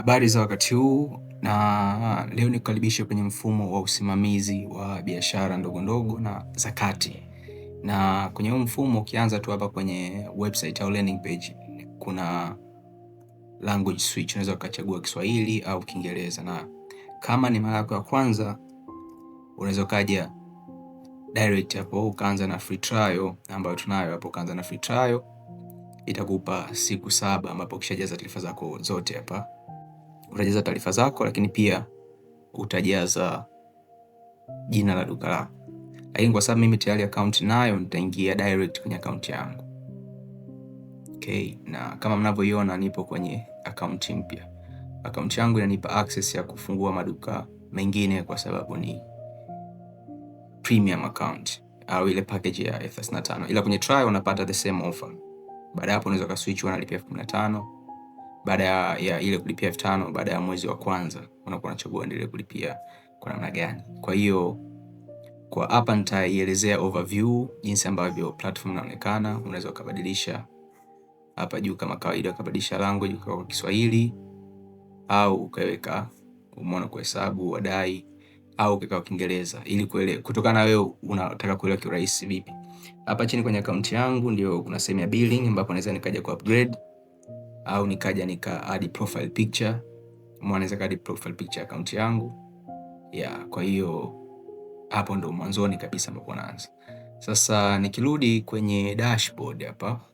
Habari za wakati huu na leo nikukaribishe kwenye mfumo wa usimamizi wa biashara ndogo ndogo na za kati. Na kwenye huu mfumo ukianza tu hapa kwenye website au landing page, kuna language switch, unaweza ukachagua Kiswahili au Kiingereza, na kama ni mara yako ya kwanza unaweza ukaja direct hapo ukaanza na free trial ambayo tunayo hapo, ukaanza na free trial itakupa siku saba ambapo ukishajaza taarifa zako zote hapa utajaza taarifa zako, lakini pia utajaza jina la duka lako. Lakini kwa sababu mimi tayari akaunti nayo, nitaingia direct kwenye akaunti yangu. Okay, na kama mnavyoiona nipo kwenye akaunti mpya. Akaunti yangu inanipa access ya kufungua maduka mengine kwa sababu ni premium account au ile package ya elfu ila kwenye trial unapata the same offer. Baada hapo unaweza ukaswitch unalipia elfu kumi na tano baada ya, ya ile kulipia elfu tano baada ya mwezi wa kwanza unakuwa unachagua endelee kulipia kwa namna gani. Kwa hiyo kwa hapa nitaielezea overview jinsi ambavyo platform inaonekana. Unaweza ukabadilisha hapa juu kama kawaida, ukabadilisha language kwa Kiswahili au ukaweka umeona kuhesabu wadai au ukaweka Kiingereza ili kuelewa, kutokana na wewe unataka kuelewa kiurahisi vipi. Hapa chini kwenye akaunti yangu ndio kuna sehemu ya billing ambapo naweza nikaja ku upgrade au nikaja nika add profile picture, mwanaweza ka profile picture account yangu ya yeah. Kwa hiyo hapo ndo mwanzoni kabisa ambapo naanza. Sasa nikirudi kwenye dashboard hapa